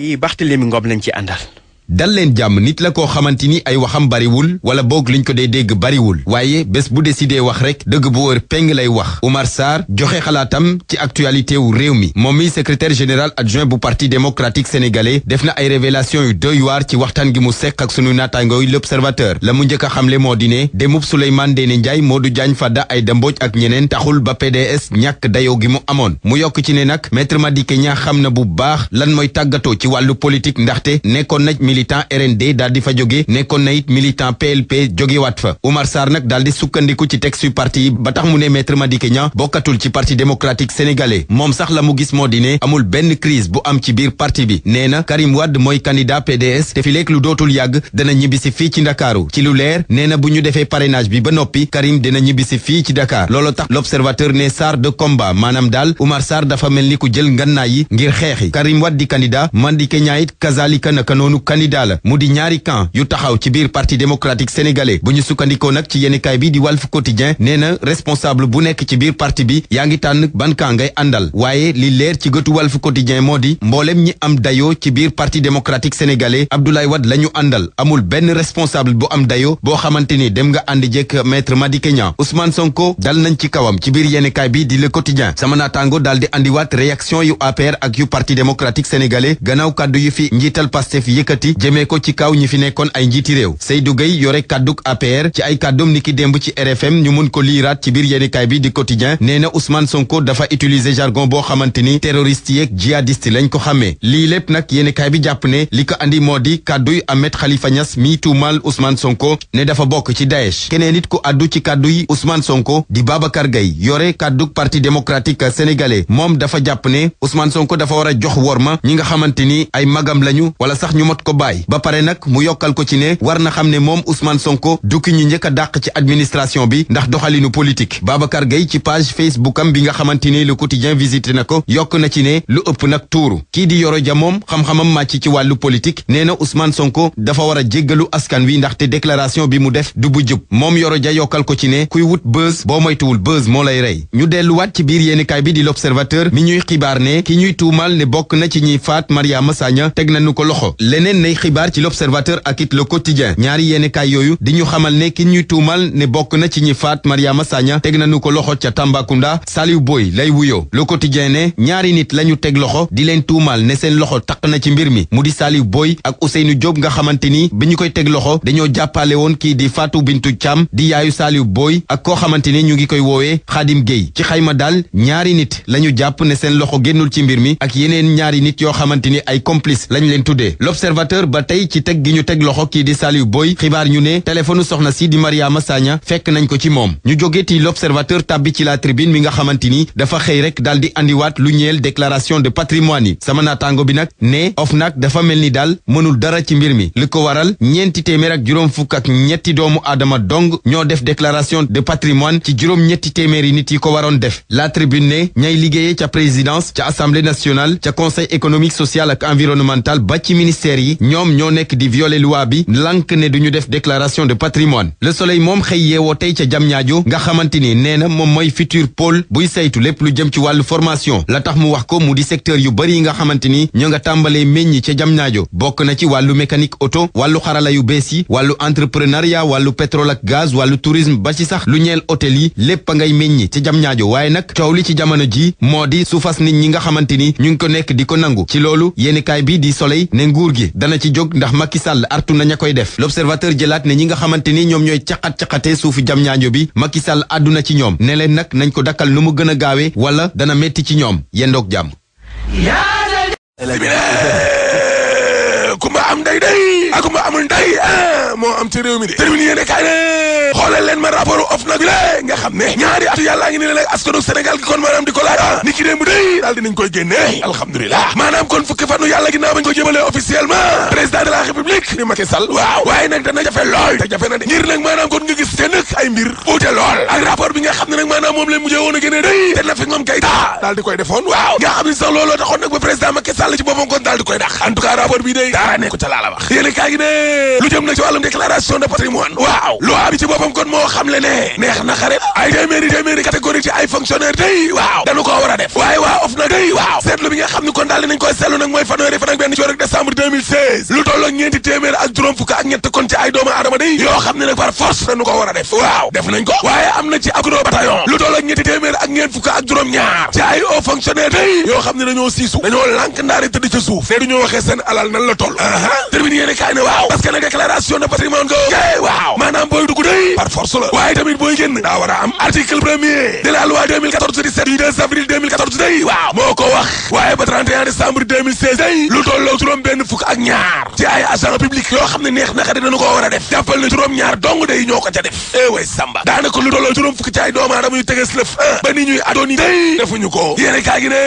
yi Barthélémy Ngom lañ ci àndal dal leen jàmm nit la koo xamante ni ay waxam bariwul wala boog liñ ko dee dégg bariwul waaye bés bu décidé wax rek dëgg bu wër peng lay wax Oumar Sarr joxe xalaatam ci actualité wu réew mi moom mi secrétaire général adjoint bu parti démocratique sénégale def na ay révélation yu doy waar ci waxtaan gi mu seq ak sunu naataangooy l'observateur la mu njëkk xam xamle moo di ne demub Souleymane Ndéné Ndiaye Modou Diagne Fada ay Mbodj ak ñeneen taxul ba PDS ñàkk dayoo gi mu amoon mu yokk ci ne nag maître Madické Niang xam na bu baax lan mooy tàggatoo ci wàllu politique ndaxte militant RND daal di fa daal di sukkandiku ci texte parti ba tax mu ne maître Madické Niang bokkatul ci parti moom sax la mu gis moo di amul benn crise bu am ci biir parti bi nee na Karim Wade mooy candidat PDS te fi léegi lu dootul yàgg dana ñibbisi fii ci Ndakaaru ci lu leer nee na bu ñu defee parrainage bi ba noppi Karim dina ñibbisi fii ci Dakar loolu tax l'observateur ne Sarr de combat maanaam daal Oumar Sarr dafa mel ni ku jël ngannaay yi ngir xeexi Karim Wade di candidat kazalika naka noonu candidat la mu di ñaari camp yu taxaw ci biir parti démocratique sénégalais bu ñu sukkandikoo nag ci yéenekaay bi di Walf Quotidien nee na responsable bu nekk ci biir parti bi yaa ngi tànn ban camp ngay àndal waaye li leer ci gëtu Walf Quotidien moo di mboolem ñi am dayoo ci biir parti démocratique sénégalais Abdoulaye Wade la ñu àndal amul benn responsable bu am dayo boo xamante ni dem nga ànd jekk ma di Niang Ousmane Sonko dal nañ ci kawam ci biir yéenekaay bi di Le Quotidien sama naataango daal di andiwaat réaction yu APR ak yu parti démocratique sénégalais gannaaw kàddu yi jëmee ko ci kaw ñi fi nekkoon ay njiiti réew Seydou Gueye yore kàdduk APR ci ay kàddum niki démb ci RFM ñu mun ko liiraat ci biir yéenikaay bi di quotidien nee na Ousmane Sonko dafa utiliser jargon boo xamante ni terroriste yeeg jihadiste lañ ko xamee lii lépp nag yéenikaay bi jàpp ne li ko andi moo di kàdduy Ahmed Khalifa Niass mi tuumaal Ousmane Sonko ne dafa bokk ci Daesh keneen it ko addu ci kàdduy Ousmane Sonko di Babacar Gueye yore kàdduk parti démocratique sénégalais moom dafa jàpp ne Ousmane Sonko dafa war a jox worma ñi nga xamante ni ay magam lañu baay ba pare nag mu yokkal ko ci ne war na xam ne moom Ousmane Sonko dukki ñi njëkk a dàq ci administration bi ndax doxalinu politique Babacar Gueye ci page Facebook am bi nga xamante ne le quotidien visité na ko yokk na ci ne lu ëpp nag tuuru kii di Yoro Dia moom xam-xamam màcc ci wàllu politique nee na Ousmane Sonko dafa war a jéggalu askan wi ndaxte déclaration bi mu def du bu jub moom Yoro Dia yokkal ko ci ne kuy wut buzz boo moytuwul buzz moo lay rey ñu delluwaat ci biir yéenikaay bi di l'observateur mi ñuy xibaar ne ki ñuy tuumal ne bokk na ci ñiy faat Mariama Sagna ko loxo ay xibaar ci l'observateur ak it le quotidien ñaari yéenekaay yooyu di ñu xamal ne ki ñuy tuumal ne bokk na ci ñi faat Mariama Sagna teg nañu ko loxo ca Tambacounda Saliou Boy lay wuyoo le quotidien ne ñaari nit lañu teg loxo di leen tuumal ne seen loxo taq na ci mbir mi mu di Saliou Boy ak Ousseynou Diop nga xamante ni bi ñu koy teg loxo dañoo jàppale woon kii di faatu bintu Thiam di yaayu Saliou booy ak koo xamante ni ñu ngi koy woowee Khadim géey ci xayma daal ñaari nit lañu jàpp ne seen loxo génnul ci mbir mi ak yeneen ñaari nit yoo xamante ni ay complice lañu leen tuddee ba tey ci teg gi ñu teg loxo kii di Saliou booy xibaar ñu ne téléphone soxna si di Mariama Sagna fekk nañ ko ci moom ñu jóge ti l'observateur tàbbi ci la tribune mi nga xamante ni dafa xëy rek daal di andiwaat lu ñeel déclaration de patrimoine yi sama naataango bi nag ne OFNAC dafa mel ni daal mënul dara ci mbir mi li ko waral ñeenti téeméer ak juróom fukk ak ñetti doomu aadama dong ñoo def déclaration de patrimoine ci juróom ñetti téeméeri nit yi ko waroon def la tribune ne ñay liggéeyee ca présidence ca assemblée nationale ca conseil économique social ak environnemental ba ministère yi ñoom ñoo nekk di violer bi lank ne duñu def déclaration de patrimoine le soleil moom xëy yeewoo tey ca jamñaajo nga xamante ni nee na moom mooy futur pôle buy saytu lépp lu jëm ci wàllu formation la tax mu wax ko mu di secteur yu bëri yi nga xamante ni ñoo nga tàmbalee meññi ca jamñaajo bokk na ci wàllu mécanique oto wàllu xarala yu bees yi wàllu entrepreneuriat wàllu pétrole ak gaz wàllu tourisme ba ci sax lu ñeel hôtel yi lépp a ngay meññi ca jamñaajo waaye nag coow li ci jamono ji moo di su nit ñi nga xamante ni ñu ngi ko nekk di ko nangu ci loolu yéenekaay bi di soleil nguur gi ci jóg ndax Macky Sall artu na ña koy def l'observateur jëlaat ne ñi nga xamante ni ñoom ñooy caqat-caqatee suufu jam ñaaño bi Macky Sall àdduna ci ñoom nee leen nag nañ ko dakkal nu mu gën a gaawee wala dana metti ci ñoom yendoog jàmm am ma amul eh, nga kon maanaam ah, fanu yàlla gi naa bañ ko jëmale officiellement président la république di Macky Sall waaw waaye nag dana jafe looy na de ngir nag maanaam kon nga gis seen lool ak rapport bi nga xam ne nag maanaam moom leen mujjee woon a génne day te na fi moom Keita daal di koy defoon waaw nga xam ne sax looloo taxoon nag ba président Macky Sall ci boppam kon daal di koy dàq en rapport bi day dara nekku ca laa la wax yéen kaa ne lu jëm nag ci wàllum déclaration de patrimoine waaw loi bi ci boppam kon moo xam le neex na ay téeméeri téeméeri catégorie ci ay fonctionnaire day waaw dañu ko seetlu lu tolloog ñeenti téeméer ak juróom fukk ak juróom ñaar ci ay hauts fonctionnaires day yoo xam ne dañoo siisu dañoo lànk ndaari tëdd ca suuf te duñu waxee seen alal nan la toll aa de patrimoine waaye moo ko wax waaye ba 31 décembre 2016 day lu tolloo juróom benn fukk ak ñaar ci ay agent public yoo xam ne neex naka dinañu ko war a def jàppal na juróom ñaar dong day ñoo ko ca def eh way samba daanaka lu tolloo juróom fukk ci ay doomu aadama yu lëf ah, ba ni ñuy adoon yi defuñu ko yéene gi ne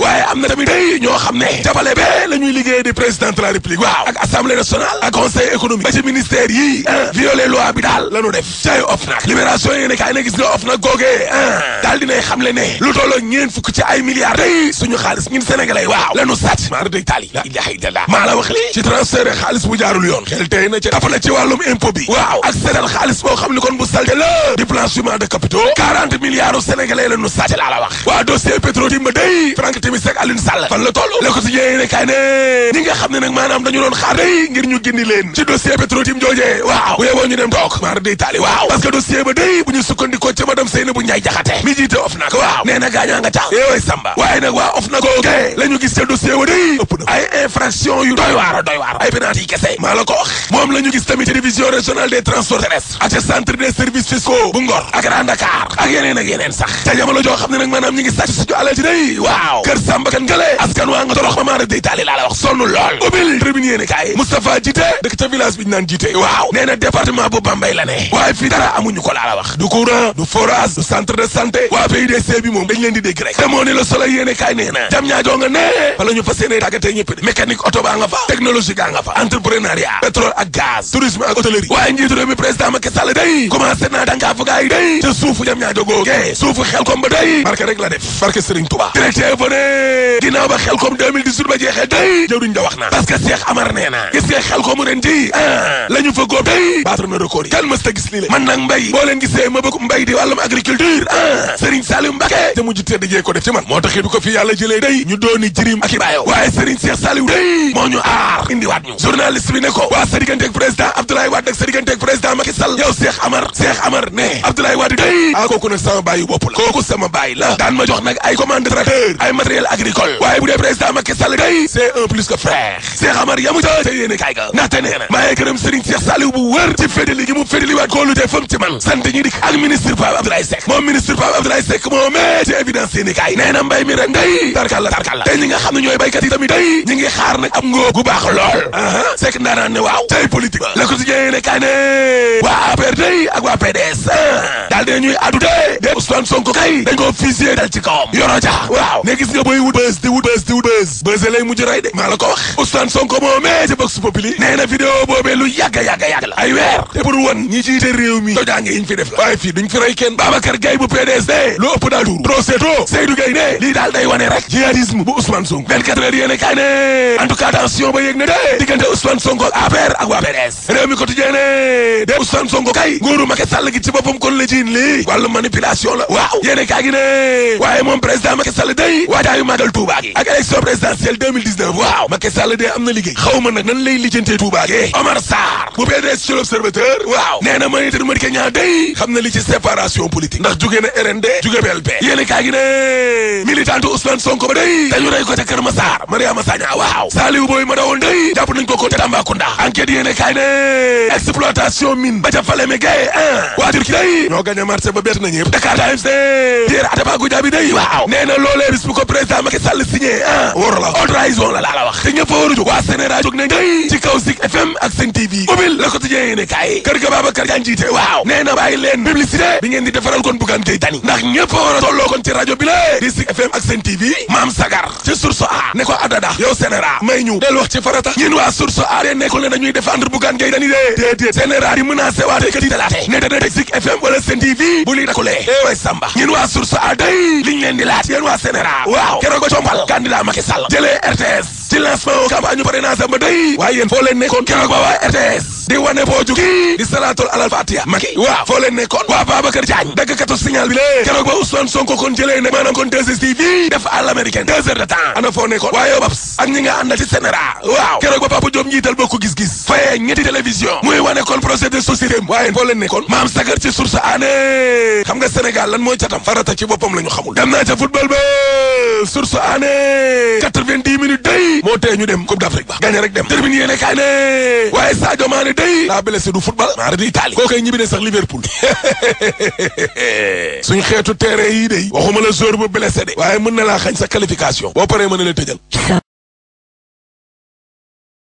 waaye am na tamit day ñoo xam ne jabale bee la ñuy liggéey président de la république waaw ak assemblée nationale ak conseil économique ba ci ministère yi ah, violé loi ah, xam le ne lu tolloo ñeen fukk ci ay milliards day xaalis ñun sénégalais waaw lanu sàcc maara day taali la ilaha illallah maa la wax lii ci transfert xaalis bu jaarul yoon xel tey na ci dafa la ci wàllum impôt waaw ak séddal xaalis boo xam ni kon bu salte la di blanchiment de capitaux milliards u lanu sàcc laa la wax waa dossier Petro-Tim day Franck Timis ak Alioune fan la toll le quotidien ne kay ne ñi nga xam ne nag maanaam dañu doon xaar day ngir ñu gindi leen ci dossier Petro-Tim waaw bu yeboo ñu dem toog na gis ca dossier wa day ëpp na ay infraction yu doy waar ay pénalti kese maa la ko wax moom la gis tamit ci division régionale des transports terrestres ak ca centre des services fiscaux bu Ngor ak Grand Dakar ak yeneen ak yeneen sax ca jamono joo xam ne nag maanaam ñu ngi sàcc suñu alal day waaw kër Samba kan gële askan waa nga torox mament def day taali laa la wax sonn lool ubil tribune yéene kaay Moustapha Jité dëkk ca village bi naan Jité waaw jam ñaajoo nga ne fa la ñu fas yéene tàggatee ñëpp de mécanique oto baa nga fa technologie gaa nga fa entrepreneuriat pétrole ak gaz tourisme ak hôtellerie waaye njiitu réew mi président Macky Sall day commencé naa dankaa fu gaa day te suufu jam ñaajoo googee suufu xel kom ba day barke rek la def barke Serigne Touba directeur fa ne ginnaaw ba xel kom 2018 ba jeexee day jëwriñ da wax naa parce que Cheikh gis nga xel komu ren ji ah fa góob ma bëgg mbay di yooyu day ñu dooni jirim ak i baayo waaye Serigne Cheikh Saliou day moo ñu aar indiwaat ñu journaliste bi ne ko waa sa diggante ak président Abdoulaye Wade ak sa diggante ak président Macky Sall yow Amar Cheikh Amar ne Abdoulaye Wade day ah nag sama baayu bopp la kooku sama baay la daan ma jox nag ay commande tracteur ay matériel agricole waaye bu dee président Macky Sall day c'est Amar yamu ta te yéene kaay ga nee na maa ngi gërëm Serigne bu wër ci fédéli gi mu fédéli waat góolu te fam ci man sant ñu dik ak ministre Pape tabarkàlla tabarkàlla te ñi nga xam ne ñooy béykat yi tamit day ñi ngi xaar nag am ngoo gu baax lool aa uh-huh. sekk ndaanaan ne waaw tey politique ba le quotidien ne kaane waa APR day ak waa PDS daal de ñuy addu de Ousmane Sonko kay dañ koo fusillé dal ci kawam yoro ja waaw ne gis nga boy wut bës di wut bës di wut kese lay mujj rey de maa la ko wax Ousmane Sonko moo mee ci Vox nee na vidéo boobee lu yàgga yàgga yàgg la ay weer te pour wan ñi ci te réew mi tojaange yiñ fi def la waaye duñ fi rey kenn Babacar Gaye bu PDS ne lu ëpp daal tuuru trop c'est trop Seydou Gueye ne daal day wane rek jihadisme bu Ousmane Sonko 24 heures yéene kaay ne en tout ba yéeg de diggante Ousmane Sonko ak APR ak waa PDS réew quotidien ne de Ousmane Sonko kay nguuru Macky Sall gi ci boppam kon la jiin lii wàllu manipulation la waaw yéene kaa gi ne waaye moom président Macky Sall day waajaayu màggal Touba gi ak élection présidentielle 2019 waaw Macky Sall de am na liggéey xaw nag nan lay lijjantee Touba Omar Sarr bu PDS ci l'Observateur waaw nee na maniteur Madické Niang day xam na li ci séparation politique ndax jugee na RND jugee BLP yéene ne militant Ousmane Sonko ko ca Kër Massar exploitation mine ba ca Falémé Gaye a waa Turquie day ñoo gagné marché ba bett na ñëpp Dakar Times de yéer Atepa Goudiaby day waaw nee loolee bis bu ko président Macky Sall signé ah wóor la la laa la wax te ñëpp war a jóg waa Sénégal jóg nañ day ci kaw Zik FM ak Sen TV ubbil la quotidien yi ne kaay kër ga Babacar Diagne jiite waaw nee na leen publicité bi ngeen di defaral kon Bougane Gueye ndax ñëpp war a tolloo kon ci rajo bi la di Zik FM ak Sen TV maam sagar ci Source wax ci farata ñun waa Source A de nekkul ne déedéet général yi menacé waa tey kat yi dalaate ne dana teg FM wala Sen TV bu li dakulee ee eh way Samba ñun waa source a day liñ leen di laaj yéen waa général waaw keroog a jombal candidat Macky Sall jëlee RTS ci lancement campagne parrainage ba day waaye yéen foo leen nekkoon keroog ba waa RTS di wane boo jugii di salaatul alal fatiha maki waaw foo leen nekkoon waa Babacar Diagne daggkatu signal bi lée keroog ba Ousmane Sonko kon jëlee ne maanaam kon 2STV def à l'américaine deux de temps ana foo nekkoon waaye Babs ak ñi nga àndal ci Sénéra waaw keroog ba Papa Diop njiital bokk gis-gis fayee ñetti télévision muy wane kon projet de société la ñu xamul dem naa ca football ba source moo tee ñu dem Coupe d'Afrique ba gagné rek dem termine yéene kaay ne waaye Sadio Mané day la blessé du football maa di Italie koo koy ñibbi ne sax Liverpool suñ xeetu terrain yi day waxuma la joueur bu blessé de waaye mën na laa xañ sa qualification boo paree mën na la tëjal